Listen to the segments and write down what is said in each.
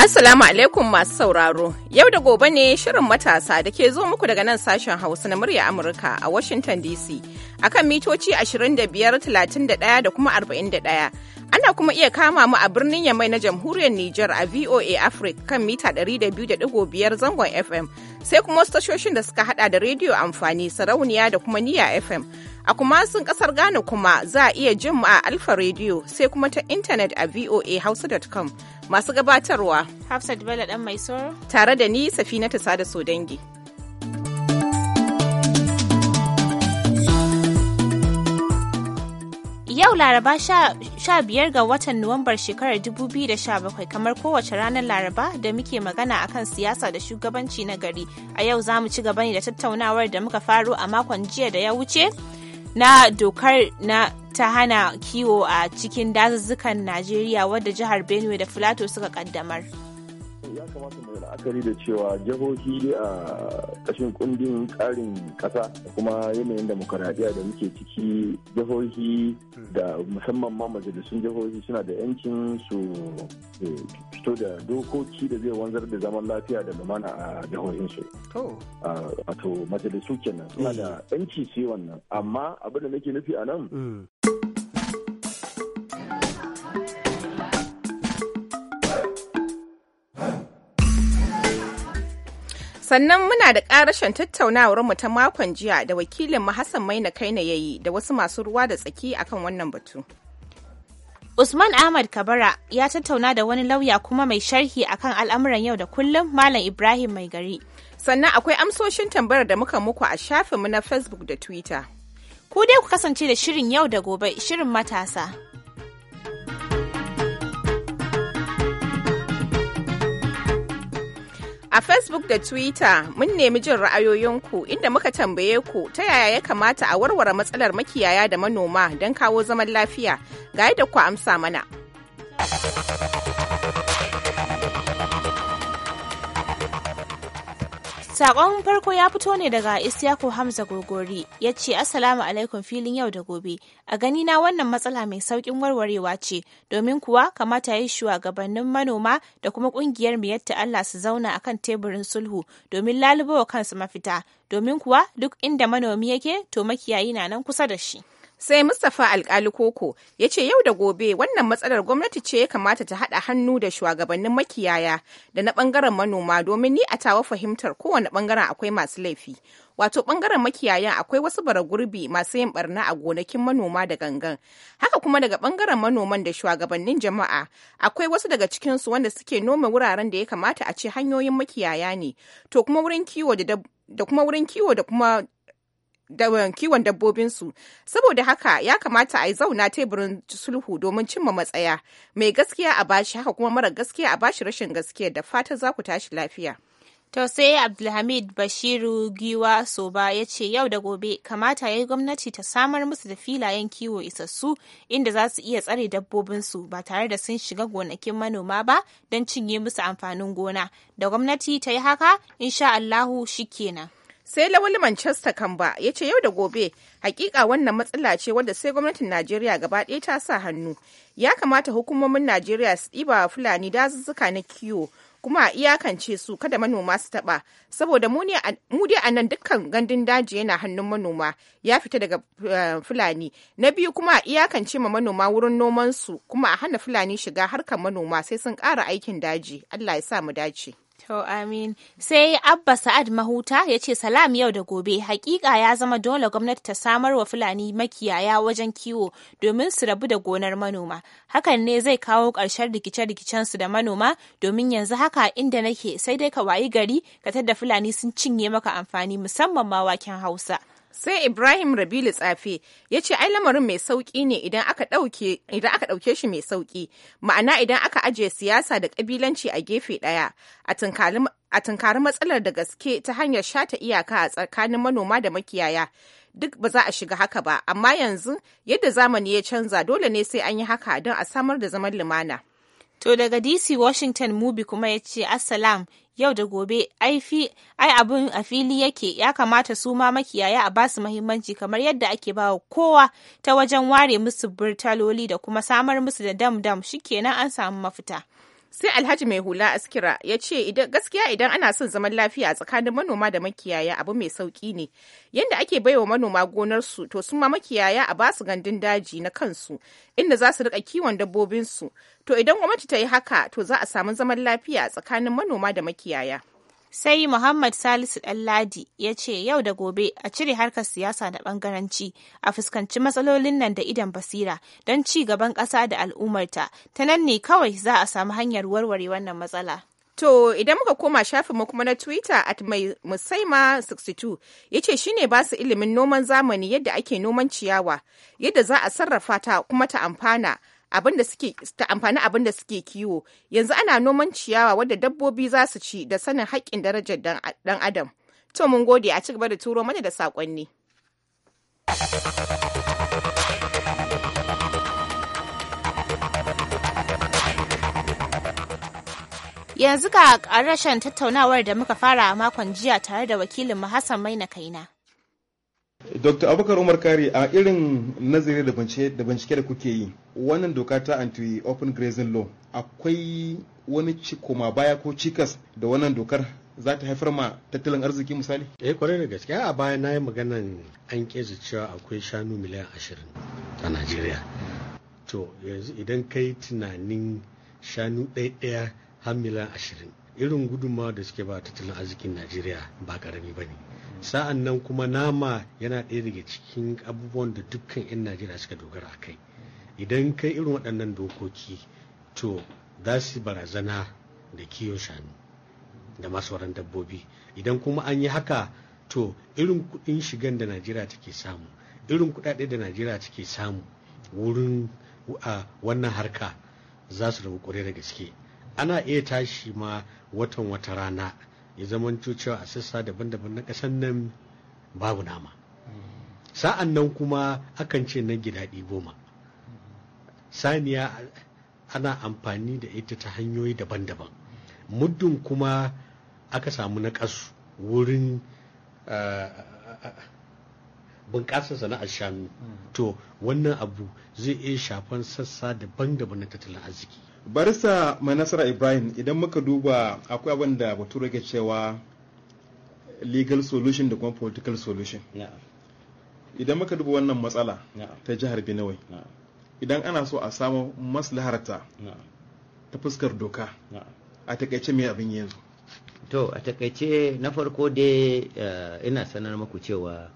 Assalamu alaikum masu sauraro. Yau da gobe ne shirin matasa da ke zo muku daga nan sashen Hausa na murya Amurka a Washington DC a kan mitoci 25,31 da kuma 41. Ana kuma iya kama mu a birnin Yamai na Jamhuriyar Nijar a VOA Africa kan mita 200.5 zangon FM. Sai kuma wasu tashoshin da suka hada da rediyo amfani sarauniya da kuma niya FM. A kuma sun kasar Ghana kuma za a iya jin mu a Alfa Radio sai kuma ta intanet a voahausa.com. Masu gabatarwa Hafsat Bello ɗan mai soro. Tare da ni Safina sada so dangi. Yau Laraba sha biyar ga watan Nuwambar shekarar 2017 kamar kowace ranar Laraba da muke magana akan siyasa da shugabanci na gari. A yau za mu ci gaba ne da tattaunawar da muka faro a makon jiya da ya wuce na dokar na ta hana kiwo a cikin dazuzzukan Najeriya wadda jihar Benue da Filato suka kaddamar. ya kamata mu la'akari da cewa jihohi a kashin kundin tsarin kasa kuma yanayin demokaradiyya da muke ciki jihohi da musamman ma majalisun jihohi suna da yancin su eh, fito da dokoki da zai wanzar da zaman lafiya da lumana a jihohinsu. Wato majalisu kenan suna da yanci eh. su wannan amma abin da nake nufi a nan. Mm. Sannan muna da ƙarashin tattaunawar mu ta makon jiya da wakilin mu Hassan Maina Kaina yayi da wasu masu ruwa da tsaki akan wannan batu. Usman Ahmad Kabara ya tattauna da wani lauya kuma mai sharhi akan al'amuran yau da kullum Malam Ibrahim Mai Gari. Sannan akwai amsoshin tambayar da muka muku a shafinmu na Facebook da Twitter. Ku dai ku kasance da shirin yau da gobe, shirin matasa. A Facebook da Twitter mun nemi jin ra'ayoyinku inda muka tambaye ku ta yaya ya kamata a warware matsalar makiyaya da manoma don kawo zaman lafiya ga yadda ku amsa mana. Sakon farko ya fito ne daga Isyaku Hamza Gurgori ya ce Assalamu alaikum filin yau da gobe. A gani na wannan matsala mai saukin warwarewa ce domin kuwa kamata ya yi shugabannin manoma da kuma kungiyar miyatta Allah su zauna akan teburin sulhu domin lalubawa kansu mafita domin kuwa duk inda manomi yake to makiyayi na nan kusa da shi. sai mustapha alkali koko ya ce yau da gobe wannan matsalar gwamnati ce ya kamata ta haɗa hannu da shugabannin makiyaya da na ɓangaren manoma domin ni a tawa fahimtar kowane ɓangaren akwai masu laifi wato ɓangaren makiyayan akwai wasu bara gurbi masu yin barna a gonakin manoma da gangan haka kuma daga ɓangaren manoman da shugabannin jama'a akwai wasu daga cikinsu wanda suke nome wuraren da ya kamata a ce hanyoyin makiyaya ne to wurin kiwo kuma wurin kiwo da kuma kiwon dabbobinsu saboda haka ya kamata a yi zauna teburin sulhu domin cimma matsaya mai gaskiya a bashi haka kuma mara gaskiya a bashi rashin gaskiya da fata za ku tashi lafiya To sai Abdulhamid Bashiru Giwa Soba ya ce yau da gobe kamata ya yi gwamnati ta samar musu da filayen kiwo isassu inda za su iya tsare dabbobinsu ba tare da sun shiga gonakin manoma ba don cinye musu amfanin gona. Da gwamnati ta yi haka, insha Allahu shi sai lawal manchester kanba ya ce yau da gobe hakika wannan matsala ce wadda sai gwamnatin najeriya gaba ɗaya ta sa hannu ya kamata hukumomin najeriya su ɗiba wa fulani dazuzzuka na kiwo kuma a iyakance su kada manoma su taɓa saboda mu dai a nan dukkan gandun daji yana hannun manoma ya fita daga eh, fulani na biyu kuma a iyakance ma manoma wurin noman su kuma a hana fulani shiga harkar manoma sai sun ƙara aikin daji allah ya sa mu dace To amin. Sai Abba Sa'ad Mahuta ya ce salam yau da gobe hakika ya zama dole gwamnati ta samar wa Fulani makiyaya wajen kiwo domin su rabu da gonar manoma. Hakan ne zai kawo ƙarshen rikice-rikicen su da manoma domin yanzu haka inda nake sai dai ka wayi gari ka tada Fulani sun cinye maka amfani musamman ma waken Hausa. sai ibrahim rabilu tsafe ya ce ai lamarin mai sauki ne idan aka ɗauke shi mai sauki ma'ana idan aka ajiye siyasa da ƙabilanci a gefe ɗaya a tunkari matsalar da gaske ta hanyar shata iyaka a tsakanin manoma da makiyaya duk ba za a shiga haka ba amma yanzu yadda zamani ya canza dole ne sai an yi haka don a samar da zaman lumana To daga DC Washington Mubi kuma ya ce Assalam yau da gobe ai abun a fili yake ya kamata su ma makiyaya a basu mahimmanci kamar yadda ake bawa kowa ta wajen ware musu burtaloli da kuma samar musu da dam dam shi kenan an samu mafita. sai alhaji mai hula askira ya ce gaskiya idan ana son zaman lafiya a tsakanin manoma da makiyaya abu mai sauki ne yadda ake baiwa manoma gonarsu to su ma makiyaya a basu gandun daji na kansu inda za su rika kiwon dabbobinsu to idan gwamnati ta yi haka to za a samu zaman lafiya a tsakanin manoma da makiyaya sai muhammad salisu ɗanladi ya ce yau da gobe a cire harkar siyasa da ɓangaranci a fuskanci matsalolin nan da idan basira don ci gaban ƙasa da al'ummarta ta nan ne kawai za a samu hanyar warware wannan matsala To idan muka koma shafinmu kuma na Twitter at mai musaima 62 ya ce shi ne basu ilimin noman zamani yadda ake noman ciyawa, yadda za a sarrafa ta kuma ta amfana abin suke ta amfani abin da suke kiwo yanzu ana noman ciyawa wadda dabbobi za su ci da sanin haƙƙin darajar dan adam to mun gode a ci gaba da turo mana da saƙonni. yanzu ga rashin tattaunawar da muka fara a makon jiya tare da wakilin Hassan Maina Kaina. Dr. Abubakar Umar Kari a irin nazari da bincike da kuke yi wannan doka ta anti open grazing law akwai wani koma baya ko cikas da wannan dokar za ta haifar ma tattalin arziki misali? Eh kwarai da gaske a baya na yi maganan an keza cewa akwai shanu miliyan ashirin a Najeriya. To yanzu idan kai tunanin shanu ɗaya har miliyan ashirin irin gudunmawa da suke ba tattalin arzikin Najeriya ba ƙarami ba ne. sa'an nan kuma nama yana ɗaya daga cikin abubuwan da dukkan 'yan najeriya suka dogara a kai idan kai irin waɗannan dokoki to za su barazana da kiyo shanu da masu wurin dabbobi idan kuma an yi haka to irin kuɗin shigan da najeriya take samu irin kuɗaɗe da najeriya take samu wurin a wannan harka za su rabu ƙwarai da gaske ana iya tashi ma watan wata rana ya zaman cewa a sassa daban-daban na ƙasar nan babu nama sa'an nan kuma akan ce na gidaɗi goma saniya ana amfani da ita ta hanyoyi daban-daban muddin kuma aka samu na wurin bunƙasar sana'ar shanu hmm. to wannan abu zai iya shafan sassa daban-daban na tattalin arziki barista mai nasara ibrahim idan muka duba akwai abin da bature ke cewa legal solution da kuma political solution idan muka duba wannan matsala ta jihar benue idan ana so a samu maslaharta ta fuskar doka a takaice mai abin yanzu to a takaice na farko dai eh, ina sanar maku cewa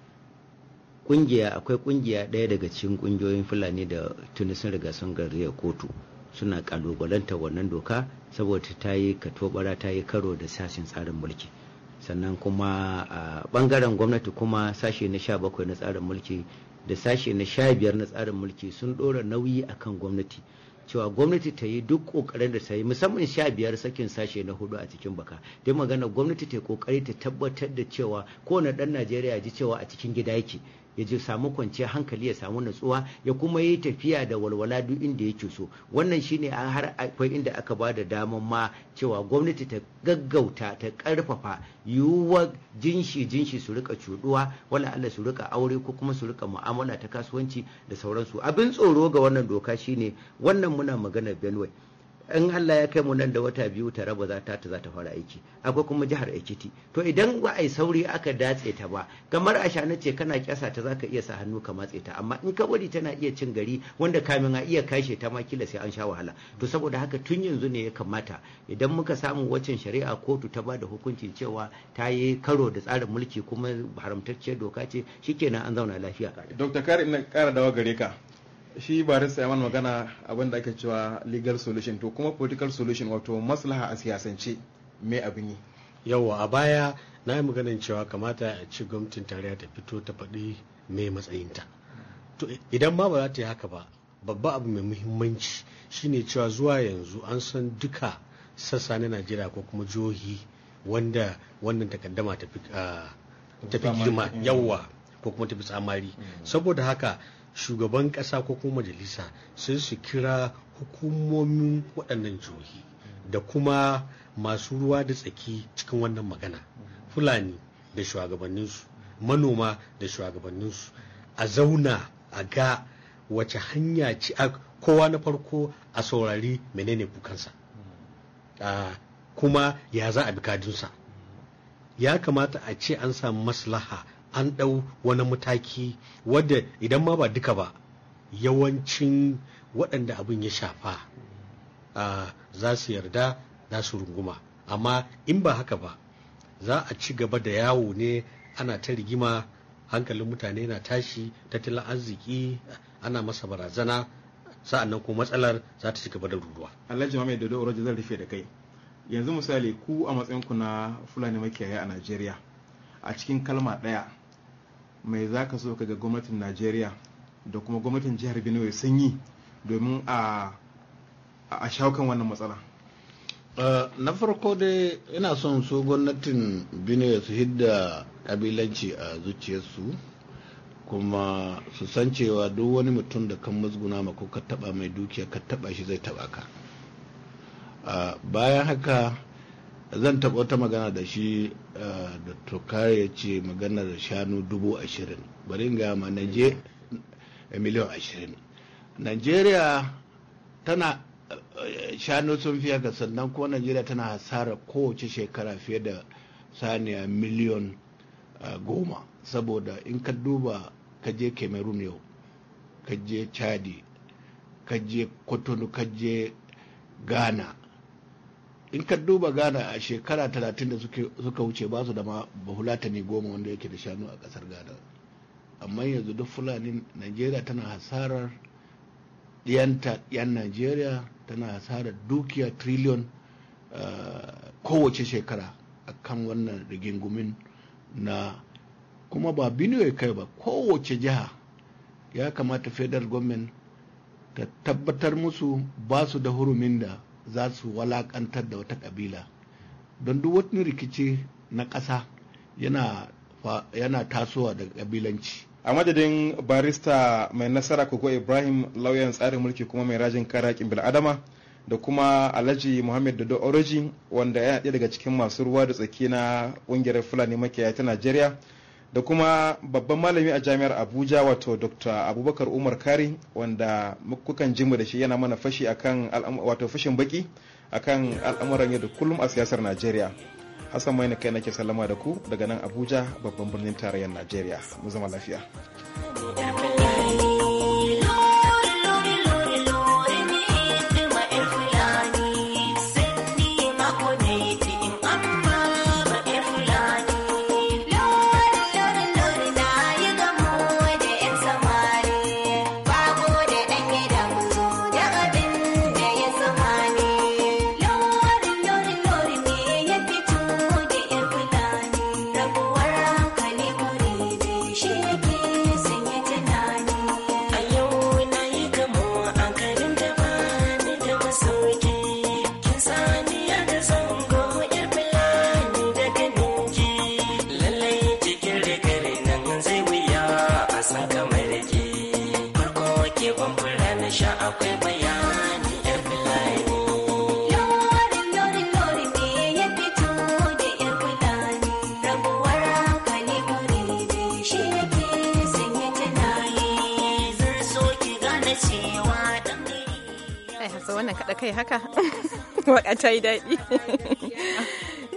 kungiya akwai kungiya daya daga cikin kungiyoyin fulani da tuni sun riga sun gariya kotu suna kalubalanta wannan doka saboda ta yi katobara ta yi karo da sashen tsarin mulki sannan kuma a bangaren gwamnati kuma sashe na sha bakwai na tsarin mulki da sashe na sha biyar na tsarin mulki sun ɗora nauyi akan gwamnati cewa gwamnati ta yi duk kokarin da ta yi musamman sha biyar sakin sashe na hudu a cikin baka dai magana gwamnati ta yi kokari ta tabbatar da cewa kowane dan najeriya ji cewa a cikin gida yake ya je samu kwanciyar hankali ya samu natsuwa ya kuma yi tafiya da walwala duk inda yake so wannan shine har akwai inda aka ba da damar ma cewa gwamnati ta gaggauta ta karfafa yiwuwa jinshi jinshi su rika cuɗuwa, wala Allah su rika aure ko kuma su rika mu'amala ta kasuwanci da sauransu abin tsoro ga wannan doka shine wannan muna magana Benue in Allah ya kai mu nan da wata biyu ta raba za ta za ta fara aiki akwai kuma jihar Ekiti to idan ba a yi sauri aka datse ta ba kamar a shana ce kana kyasa ta zaka iya sa hannu ka matse ta amma in ka bari tana iya cin gari wanda kamin a iya kashe ta ma kila sai an sha wahala to saboda haka tun yanzu ne ya kamata idan muka samu waccan shari'a kotu ta bada hukuncin cewa ta yi karo da tsarin mulki kuma haramtacciyar doka ce shikenan an zauna lafiya Dr. Karim na kara dawa gare ka shi ba saya mana magana abin da ake cewa legal solution to kuma political solution wato maslaha a siyasance me abin yi yawa a baya na yi maganin cewa kamata a ci gwamnatin tarayya ta fito ta faɗi me matsayinta to idan ma ba za ta yi haka ba babba abu mai muhimmanci shine cewa zuwa yanzu an san duka sassa na najeriya ko kuma jihohi wanda wannan takaddama ta fi ah, girma mm. yawa ko kuma ta fi tsamari mm. saboda haka shugaban ƙasa ko kuma majalisa sai su kira hukumomin waɗannan jihohi da kuma masu ruwa da tsaki cikin wannan magana fulani da shugabanninsu manoma da shugabanninsu a zauna a ga wace hanya ce kowa na farko a saurari menene kukansa kuma ya za a bi kadunsa ya kamata a ce an samu maslaha an ɗau wani mataki wadda idan ma ba duka ba yawancin waɗanda abin ya shafa za su yarda za su runguma amma in ba haka ba za a ci gaba da yawo ne ana ta rigima hankalin mutane na tashi tattalin arziki ana masa barazana sa'annan ko matsalar za ta ci gaba da ruruwa. Alhaji mamaye Dodo Oroji zan rufe da kai. Yanzu misali ku a matsayinku na Fulani makiyaya a Najeriya a cikin kalma ɗaya mai za ka so ka ga gwamnatin najeriya da kuma gwamnatin jihar benue sun yi domin a a shaukan wannan matsala na farko dai ina son su gwamnatin benue su hidda kabilanci a zuciyarsu kuma su san cewa duk wani mutum da kan mazguna ma ko ka taba mai dukiya ka taba shi zai taba ka bayan haka zan taɓa wata magana da shi eh, da tokare ya ce maganar shanu dubu ashirin bari ga ma eh, miliyan ashirin nigeria tana eh, shanu sun fiye ga sannan kuma nigeria tana hasara kowace shekara fiye da saniya miliyon goma saboda in ka duba ka je cameroon yau ka je chadi ka je kotonu ka je ghana in ka duba ghana a shekara talatin da suka wuce ba su da ma bahulatani goma wanda yake da shanu a kasar ghana amma yanzu duk fulani najeriya tana hasarar ɗiyanta yan najeriya tana hasarar dukiya triliyon ah, kowace shekara a kan wannan rigingumin na kuma ba ya kai ba kowace jiha ya kamata federal government ta tabbatar musu ba su da hurumin da za su walakantar da wata kabila don duk wani rikici na ƙasa yana, tasowa daga kabilanci a madadin barista mai nasara kogo ibrahim lauyan tsarin mulki kuma mai rajin kare haƙƙin bil'adama da kuma alhaji muhammad dodo oroji wanda ya daga cikin masu ruwa da tsaki na ƙungiyar fulani makiyaya ta najeriya da kuma babban malami a jami'ar abuja wato dr abubakar umar kari wanda kukan ji da shi yana mana fashi akan wato fashin baki akan al'amuran yau da kullum a siyasar najeriya hassan mai kai nake sallama da ku daga nan abuja babban birnin tarayyar najeriya mu zama lafiya Ai hasa wannan kaɗa kai haka. Waka ta yi daɗi.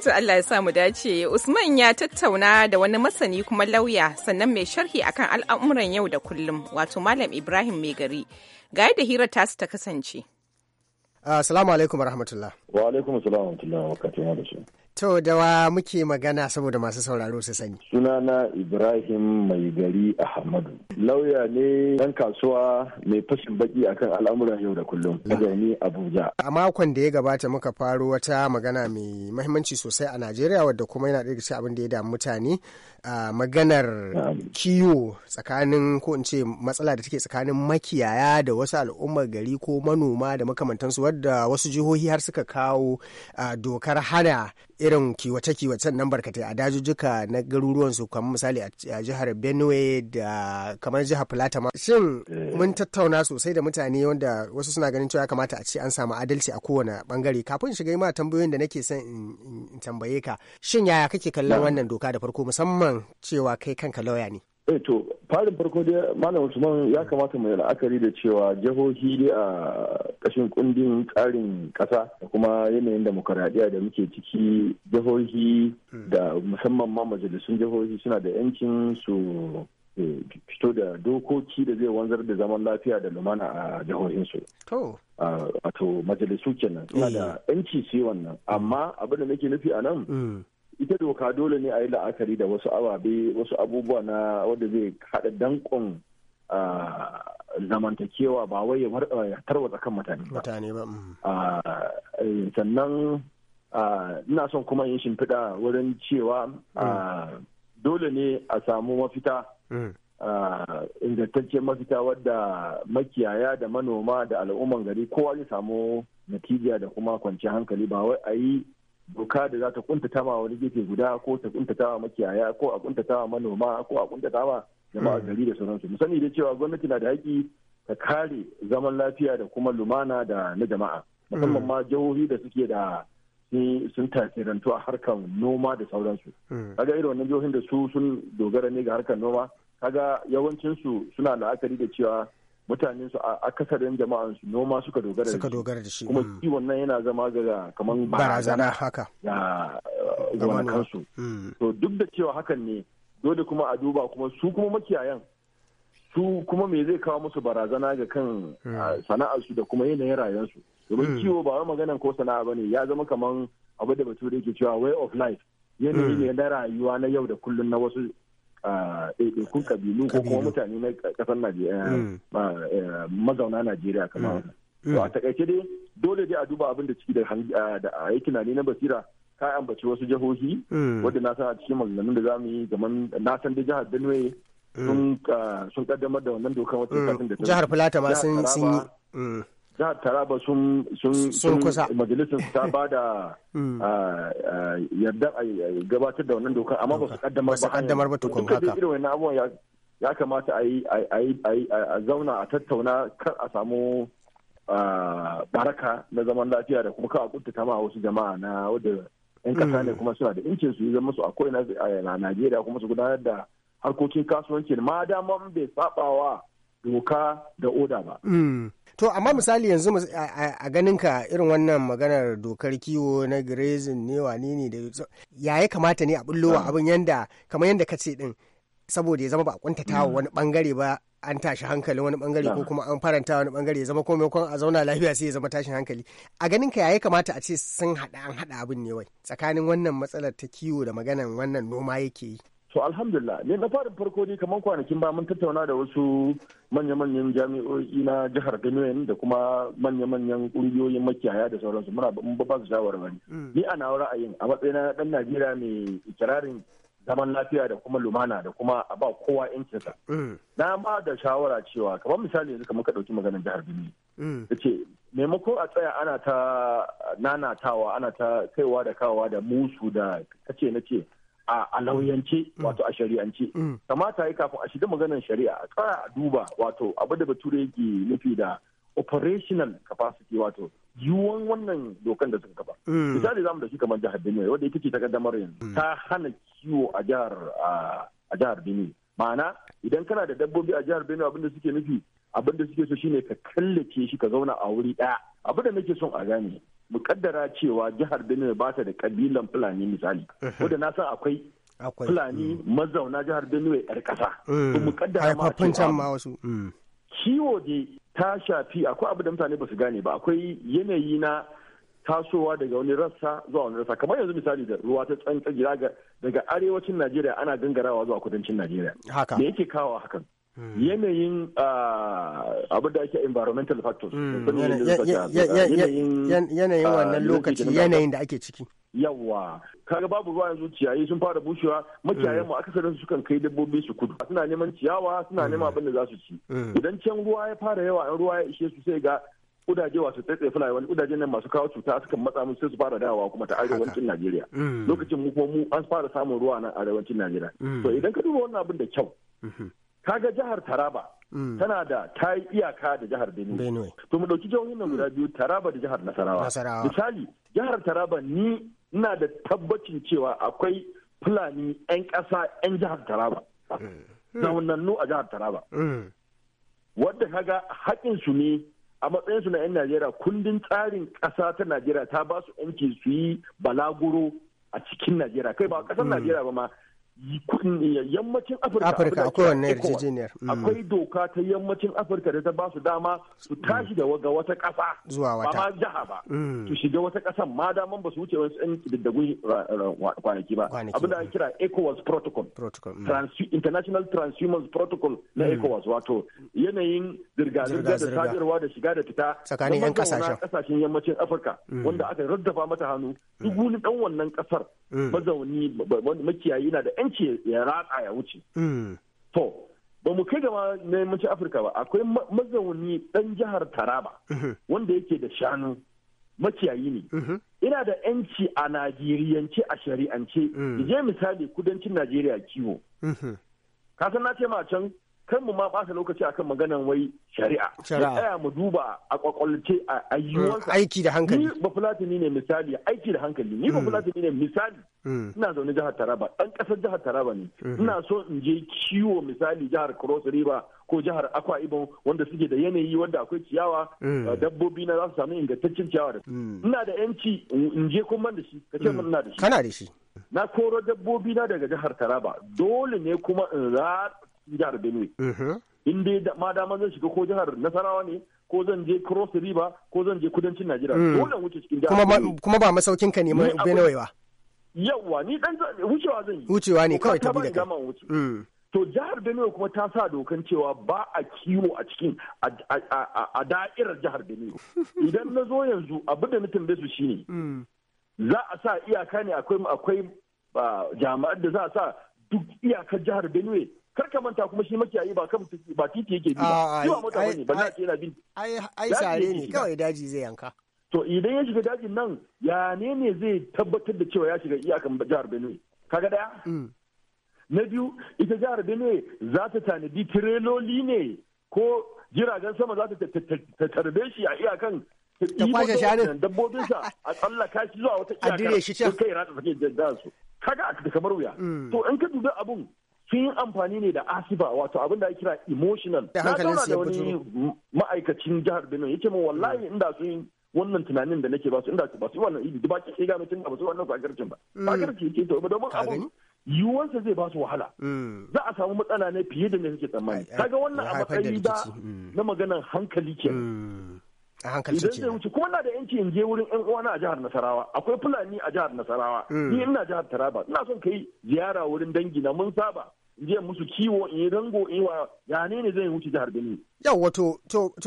To Allah ya sa mu dace. Usman ya tattauna da wani masani kuma lauya sannan mai sharhi akan al'amuran yau da kullum wato Malam Ibrahim mai gari. Ga yadda ta tasu ta kasance. Assalamu alaikum rahmatullah. Wa alaikum assalam warahmatullah wa To da wa muke magana saboda masu sauraro su sani. Sunana Ibrahim Mai Gari Ahmadu. Lauya ne ɗan kasuwa mai fashin baki akan al'amuran yau da kullum. Ah. ni Abuja. A makon da ya gabata muka faro wata magana mai mahimmanci sosai a Najeriya wadda kuma yana ɗaya abin da ya damu mutane a maganar kiwo tsakanin ko in ce matsala da take tsakanin makiyaya da wasu al'ummar gari ko manoma da makamantansu wadda wasu jihohi har suka kawo dokar hana irin kiwace-kiwacen nan barkatai a dajujjuka na garuruwansu kamar misali a jihar benue da kamar jihar plata ma shin eh. mun tattauna sosai da mutane wanda wasu suna ganin cewa kamata a ce an samu adalci a kowane bangare kafin shiga ma tambayoyin da nake son in tambaye ka shin yaya kake kallon wannan doka da farko musamman cewa kai kanka lauya ne eh to farin farko dai malam usman ya kamata mai la'akari da cewa jihohi dai a kashin kundin tsarin kasa da kuma yanayin demokaradiyya da muke ciki jihohi da musamman ma majalisun jihohi suna da yancin su eh, fito da dokoki da zai wanzar da zaman lafiya da lumana a jihohinsu. Wato majalisu kenan suna da yanci eh. su wannan amma abin da nake nufi a nan mm. ita doka dole ne a yi la'akari da wasu ababe wasu abubuwa na wanda zai haɗa dankon zamantakewa ba wai ya tarwatsa kan mutane ba. Mutane ba. Mm. Eh, sannan ina son kuma yin shimfiɗa wurin cewa mm. dole ne a samu mafita mm. ingantaccen mafita wadda makiyaya da manoma da al'umman gari kowa zai samu natija da kuma kwanciyar hankali ba wai a yi doka da za ta kuntata ma wani gefe guda ko ta kuntata ma makiyaya ko a kuntata ma manoma ko a kuntata ma jama'a gari da sauransu mu sani da cewa gwamnati na da haƙƙi ta kare zaman lafiya da kuma lumana da na jama'a musamman ma jihohi da suke da sun tasirantu a harkar noma da sauransu mm. kaga irin wannan jihohin da su sun dogara ne ga harkar noma kaga yawancinsu suna la'akari da cewa mutanen su a kasarin jama'an su noma suka dogara suka dogara da shi kuma mm. kiwon nan yana zama ga kaman barazana haka ga gonakansu mm. to duk da cewa hakan ne dole kuma a duba kuma su kuma makiyayan su kuma me zai kawo musu barazana ga kan mm. sana'ar su da kuma yanayin rayuwar su domin kiwo ba wai maganan ko sana'a bane ya zama kaman abu da bature yake cewa way of life yanayi ne na rayuwa na yau da kullun na wasu ɗaiɗaikun kabilu ko kuma mutane na ƙasar mm. eh, eh, mazauna najeriya kamar mm. Mm. to a takaice dai dole dai a duba abin da ciki da na tunani na basira ka ambaci wasu jihohi wadda na san a cikin maganganun da zamu yi gaman na san da jihar benue sun kaddamar da wannan dokar wata da ta jihar filata ma sun yi jihar taraba sun sun majalisun ta ba da hmm. ah, ah, yarda a gabatar da wannan doka amma ba su kaddamar ba kaddamar ba tukun haka irin wannan abubuwan ya kamata a yi a zauna a tattauna kar a samu ah, baraka na zaman lafiya da kuma kawo kuntata ma wasu jama'a na wadda yan kasa ne hmm. kuma suna da incin su yi zama su a najeriya kuma su gudanar da harkokin kasuwanci ma dama bai wa doka da oda ba hmm. To amma misali yanzu a ganinka irin wannan maganar dokar kiwo na grazing ne wani ne da ya ya kamata ne a bullowa ah. abin yanda kamar yanda ce din saboda ya zama ba a kuntata hmm. wani bangare ba an tashi hankalin wani bangare ko ah. kuma an faranta wani bangare ya zama ko maimakon a zauna lafiya sai ya zama tashin hankali a ganin ka yayi kamata a ce sun hada an hada abin ne wai tsakanin wannan matsalar ta kiwo da maganan wannan noma yake yi To alhamdulillah ne na farin farko ne kamar kwanakin ba mun tattauna da wasu manya-manyan jami'o'i na jihar Benue da kuma manya-manyan ƙungiyoyin makiyaya da sauransu muna mun ba su shawarwari. Mm. Ni a nawa ra'ayin a matsayina ɗan Najeriya mai ikirarin zaman lafiya da kuma lumana da kuma a ba kowa yancinsa. Mm. Na ma da shawara cewa kamar misali yanzu kamar ka ɗauki maganar jihar Benue. Da mm. ce maimako a tsaya ana ta nanatawa ana ta kaiwa da kawa da musu da kace na ce a lauyance mm. wato a shari'ance mm. kamata yi kafin a shiga maganar shari'a a tsaya a duba wato abu da bature ke nufi da operational capacity wato yiwuwan wannan dokan da suka kafa mm. misali zamu da shi kamar jihar Benue wadda ita ce ta kaddamar yanzu ta hana kiwo a jihar a jihar Benue ma'ana idan kana da dabbobi a jihar Benue abinda suke nufi abin da suke so shine ka kallake shi ka zauna a wuri ɗaya abin da nake son a gane kaddara cewa jihar Benue ba ta da kabilan Fulani misali ko da na san akwai Fulani mm. mazauna jihar Benue yar kasa to eh. kaddara ma ma wasu ciwo mm. de ta shafi akwai abu da mutane ba su gane ba akwai yanayi na tasowa daga wani rassa zuwa wani rassa kamar yanzu misali da ruwa ta tsantsa gira daga arewacin Najeriya ana gangarawa zuwa kudancin Najeriya me yake kawo hakan Hmm. yanayin ah, abin da ake environmental factors hmm. yanayin ah, wannan lokaci yanayin da ake ciki yawa kaga babu ruwa yanzu ciyayi sun fara bushewa makiyayen hmm. mu akasarin su kan kai dabbobi su kudu suna neman ciyawa suna neman abin da za su ci idan can ruwa ya fara yawa in ruwa ya ishe su sai ga kudaje wasu tsaitsaye fulani wani kudaje nan masu kawo cuta suka matsa mun sai su fara dawowa kuma ta arewacin Najeriya lokacin mu kuma mu an fara samun ruwa nan arewacin Najeriya to idan ka duba wannan abin da kyau kaga jihar taraba mm. tana da ta yi iyaka da jihar benue to mu ɗauki jihohin nan guda biyu taraba da jihar nasarawa misali jihar taraba ni ina da tabbacin cewa akwai fulani 'yan ƙasa 'yan jihar taraba mm. zaunannu a jihar taraba mm. wadda kaga su ne a matsayin su na 'yan najeriya kundin tsarin ƙasa ta najeriya ta ba su 'yanci su yi balaguro a cikin najeriya kai ba ƙasar najeriya ba ma yammacin afirka akwai wannan yarjejeniyar hmm. akwai doka ta yammacin afirka da ta ba su dama su hmm. tashi da ga wata kasa zuwa wata ba jiha ba hmm. su shiga wata kasa ma daman ba su wuce wasu yan diddagun kwanaki ba abin da kira ecowas protocol international transhumans protocol na ecowas wato yanayin zirga-zirga da sadarwa da shiga da fita tsakanin yan kasashen kasashen yammacin afirka wanda aka raddafa mata hannu duk wani dan wannan kasar mazauni makiyayi na da yan yanke ya ratsa ya wuce hmm. to ba mu kai gaba na yammacin afirka ba akwai mazauni ɗan jihar taraba hmm. wanda yake da shanu makiyayi ne hmm. ina da yanci a najeriyance a shari'ance je misali kudancin najeriya kiwo kasan na ce ma can Kan mu ma ɓata lokaci akan maganan wai shari'a. Shari'a. Tsaya mu duba a kwakwalce a ayyuwansa. Mm. Aiki da hankali. Ni ba fulatani ne misali aiki da hankali. Ni mm. ba fulatani ne misali. Mm. Ina zaune jihar Taraba ɗan ƙasar jihar Taraba ne. Mm-hmm. Ina so in je kiwo misali jihar Cross River ko jihar Akwa Ibom wanda suke da yanayi wanda akwai ciyawa uh, dabbobi na za su samu ingantaccen ciyawa da Ina da yanci in je kuma da shi ka ce mun na da shi. Kana da shi. Na koro dabbobi na daga jihar Taraba dole ne kuma in jihar benue in dai ma dama zan shiga ko jihar nasarawa ne ko zan je cross river ko zan je kudancin najeriya mm. dole wuce cikin jihar kuma ba masaukin ka ne benue ba yawwa ni dan wucewa zan yi wucewa ne kawai ta bude kai mm. to jihar benue kuma ta sa dokan cewa ba a kiwo a cikin a da'irar jihar benue idan na zo yanzu abin da na tambaye su shine mm. za a sa iyaka ne akwai akwai jama'ar da za a sa duk iyakar jihar benue kar ka manta kuma shi makiyayi ba kan ba titi yake bi ba shi ba mota bane ba na ce yana bin ai ai sare ne kawai daji zai yanka to idan ya shiga dajin nan ya ne ne zai tabbatar da cewa ya shiga iyakan jihar Benue kaga daya mm. na biyu ita jihar Benue za ta tanadi tireloli ne ko jiragen sama za ta tarbe shi a iyakan ta kwashe shanin dabbobinsa a tsallaka shi zuwa wata iyaka a dire shi can kai rata take jaddan su kaga a kamar wuya mm. to in ka duba abun sun yi amfani ne da asiba wato abin da ake kira emotional na zauna da wani ma'aikacin jihar Benin yake min wallahi mm. inda sun wannan tunanin da nake ba su inda ba su wannan idi ba ke gano tun ba su wannan fagarcin ba mm. fagarci yake to ba domin abu yiwuwansa zai ba su wahala mm. za a samu matsala ne fiye da ne kake tsammani kaga wannan a matsayi da na maganan hankali ke a hankali idan zai wuce kuma na da yanci in je wurin yan uwana a jihar Nasarawa akwai Fulani a jihar Nasarawa ni ina jihar Taraba ina son kai ziyara wurin dangi na mun saba je musu kiwo in yi rango in wa ya ne ne zai wuce jihar Benin. Yawwa to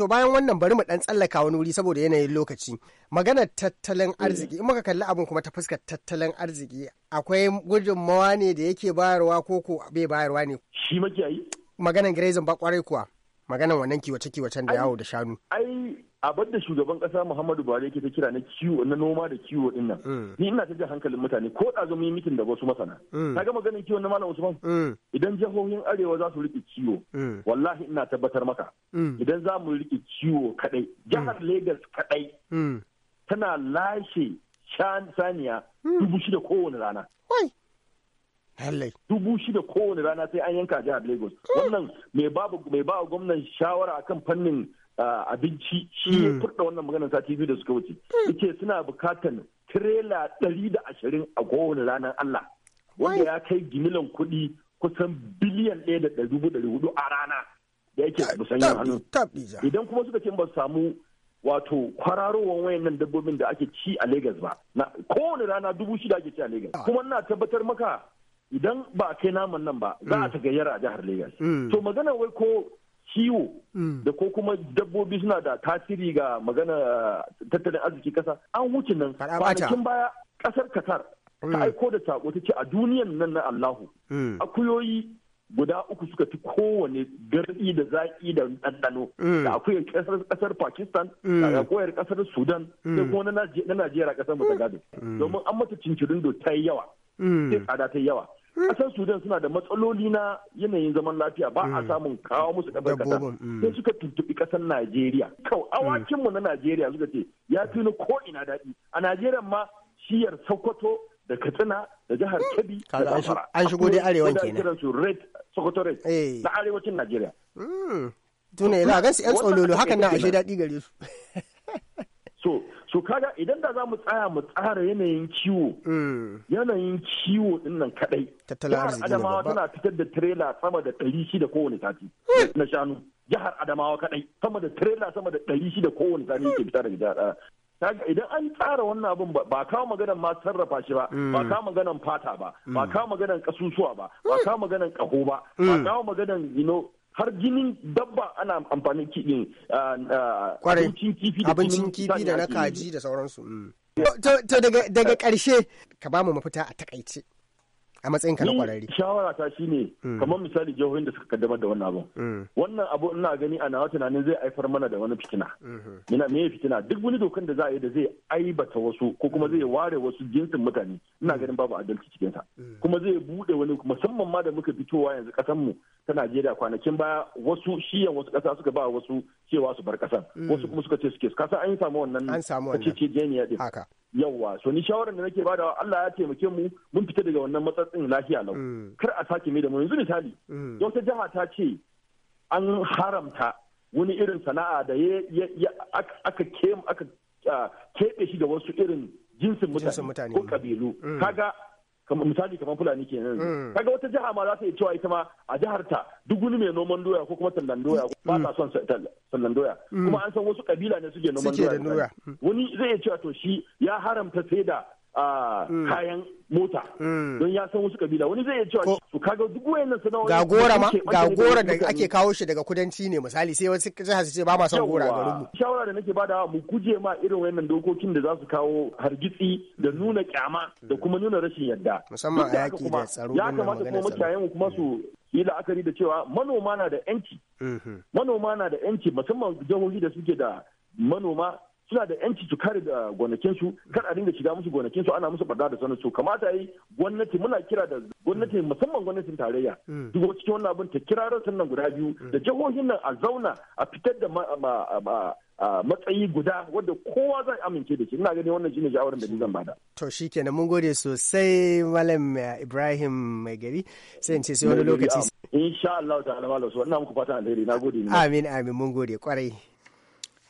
bayan wannan bari mu dan tsallaka wani wuri saboda yanayin lokaci. Maganar tattalin arziki in muka kalli abin kuma ta fuskar tattalin arziki akwai gudunmawa ne da yake bayarwa ko ko bai bayarwa ne. Shi makiyayi? Maganar grazing ba kwarai kuwa. Maganar wannan kiwace-kiwacen da yawo da shanu. Ai abin da shugaban kasa muhammadu buhari yake ta kira na kiwo na noma da kiwo din nan mm. ni ina ta hankalin mutane ko da zo yi da wasu masana na mm. gama ganin kiwon na malam usman mm. idan jihohin arewa za su rike ciwo. wallahi ina tabbatar maka idan za mu rike ciwo kadai jihar lagos kadai tana lashe saniya dubu shida kowane rana dubu shida kowane rana sai an yanka jihar lagos wannan mai ba gwamnan shawara akan fannin abinci shi ne hmm. furta wannan maganar sati biyu da suka wuce hmm. yake suna bukatan tirela ɗari da ashirin a kowane ranar Allah wanda ya kai gimilan kuɗi kusan biliyan ɗaya da ɗari ɗari hudu a rana da yake musanyen hannu idan kuma suka ce ba su samu wato kwararowar wayannan dabbobin da ake ci a Legas ba na kowane rana dubu shida ake ci a Legas ah. kuma na tabbatar maka idan ba a kai naman nan ba za a hmm. ta gayyara a jihar Legas to magana wai ko kiwo mm. da ko kuma dabbobi suna da tasiri ga magana uh, tattalin arziki kasa an wuce nan kwanakin baya kasar qatar ta mm. aiko da sako ta ce a duniyan nan na allahu mm. akuyoyi guda uku suka fi kowane garɗi da zaƙi da ɗanɗano da akuyar kasar pakistan da akuyar ƙasar sudan sai kuma na najeriya ƙasar mu ta gado domin an mata cincirin do ta yi yawa sai tsada ta yi yawa Hmm. kasar sudan suna da matsaloli na yanayin zaman lafiya ba a hmm. samun kawo musu kasar kasa hmm. sai suka tuntubi kasar najeriya kau awakinmu na najeriya suka ce ya fi ni ko ina daɗi a najeriya ma shiyar sokoto da katsina da jihar kebbi da zamfara an shigo dai arewan kenan nan. su red sokoto red eh. na arewacin najeriya tuna a gasu yan tsololo hakan na ashe daɗi gare su kaga idan da za mu tsaya mu tsara yanayin kiwo mm. yanayin kiwo din nan kadai jihar adamawa tana fitar da tirela sama da ɗari shida kowane sati mm. na shanu jihar adamawa kadai sama da tirela sama da ɗari shida kowane sati ke fitar daga jihar ah. kaga idan an tsara wannan abin ba kawo maganan ma sarrafa shi ba ba mm. kawo maganan fata ba ba kawo maganan kasusuwa ba ba kawo maganan kaho ba ba kawo maganan you har jinin dabba ana amfani kiɗin ah, ah, abincin kifi da na kaji da sauransu mm. to daga ƙarshe ka ba mu mafita a takaice a matsayin ka na kwararre shawara ta shine mm. kamar misali jihohin da suka kaddamar da wannan abun mm. wannan abu ina gani a nawa tunanin zai haifar mana da wani fitina ina mm-hmm. me fitina duk wani dokan da za a yi da zai aibata wasu ko kuma mm. zai ware wasu jinsin mutane ina ganin babu adalci cikin sa kuma zai bude wani musamman ma da muka fitowa yanzu kasan mu ta Najeriya kwanakin baya wasu shiyan wasu kasa suka ba wasu cewa su bar kasan wasu kuma suka ce suke kasa an samu wannan an samu wannan ce ce din haka yawa so ni shawarar da nake badawa Allah ya taimake mu mun fita daga wannan matsatsin lafiya lau mm. kar a sake mai da mu yanzu misali mm. wata jiha ta ce an haramta wani irin sana'a da aka ah, keɓe shi da wasu irin jinsin mutane ko kabilu mm. kaga kamar misali kamar fulani kenan mm. kaga wata jiha ma za ta iya cewa ita ma a jihar ta duk wani mai noman doya ko kuma tallan doya mm. ba ta son tallan doya mm. kuma an san wasu kabila ne suke noman doya wani zai iya cewa to shi ya haramta sai da Mm. kayan mota mm. don ya san wasu kabila wani zai iya cewa su kaga duk wayannan sana'o'i ga gora ma ga gora da ake kawo shi daga kudanci ne misali sai wasu jihar su ce ba ma son gora garin mu shawara da nake badawa mu guje ma irin wayannan dokokin da za su kawo hargitsi da nuna kyama da kuma nuna rashin yadda musamman a yaki da tsaro ya kamata kuma mutayen kuma su yi la'akari da cewa manoma na da yanci mm-hmm. manoma na da yanci musamman jihohi da suke da manoma suna da yanci su kare da gonakinsu kar a dinga shiga musu gonakinsu ana musu barda da su kamata yi gwamnati muna kira da gwamnati musamman gwamnatin tarayya mm. duk cikin wannan abin ta kira rasan nan guda biyu mm. da jihohin nan a zauna a fitar da matsayi guda wadda kowa zai amince da shi ina ganin wannan shine shawarar da ni zan bada to shikenan mun gode sosai malam eh, Ibrahim mai gari sai in ce sai wani lokaci insha Allah ta'ala malam so ina muku fatan alheri nagode amin amin mun gode kwarai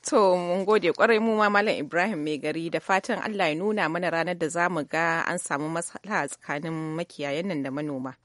To, mun gode kwarai mu ma Malam Ibrahim mai gari da fatan Allah ya nuna mana ranar da za mu ga an samu matsala tsakanin makiyayan nan da manoma.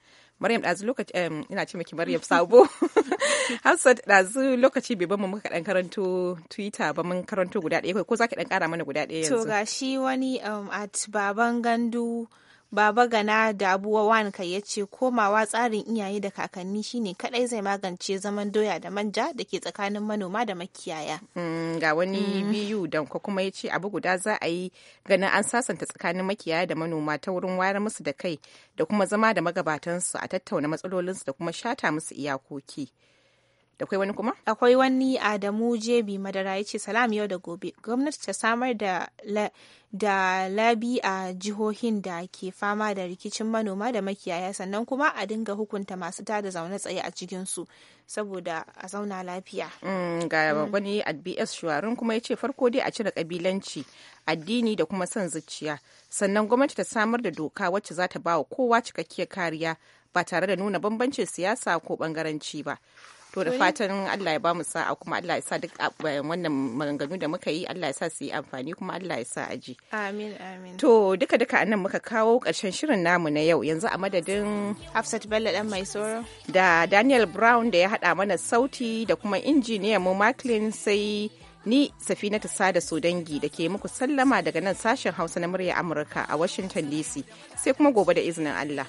Maryam ɗazu lokaci ina ce miki Maryam Sabo. Hassan ɗazu lokaci bai bamu muka ɗan karanto Twitter ba mun karanto guda ɗaya ko za ki ɗan ƙara mana guda ɗaya yanzu. To ga shi wani at baban gandu Baba Gana da Abuwa kai ya ce komawa tsarin iyaye da kakanni shine kadai zai magance zaman doya da manja da ke tsakanin manoma da makiyaya. Hmm, ga wani hmm. biyu dan kuma ya ce abu guda za a yi ganin an sasanta tsakanin makiyaya da manoma ta wurin wayar musu da kai da kuma zama da magabatansu a tattauna matsalolinsu da kuma shata musu iyakoki. da akwai wani kuma akwai wani adamu jebi madara ya ce salam yau da gobe gwamnati ta samar da da labi a jihohin da ke fama da rikicin manoma da makiyaya sannan kuma a dinga hukunta masu tada zaune tsaye a cikinsu saboda a zauna lafiya. Mm, ga wani mm. bs shuwarin kuma ya ce farko dai a cire kabilanci addini da kuma son zuciya sannan gwamnati ta samar da doka wacce za ta ba wa kowa cikakkiyar kariya ba tare da nuna bambancin siyasa ko bangaranci ba to da fatan Allah ya bamu sa'a kuma Allah ya sa duk ah, wannan maganganu da muka yi Allah ya sa su yi amfani kuma Allah ya sa a ji. amin amin to duka duka anan muka kawo karshen shirin namu na yau yanzu a madadin Hafsat Bello dan mai soro da Daniel Brown da ya haɗa mana sauti da kuma injiniyan mu Maclin sai ni safina ta sada dangi da ke muku sallama daga nan sashen hausa na murya amurka a washington dc sai kuma gobe da izinin allah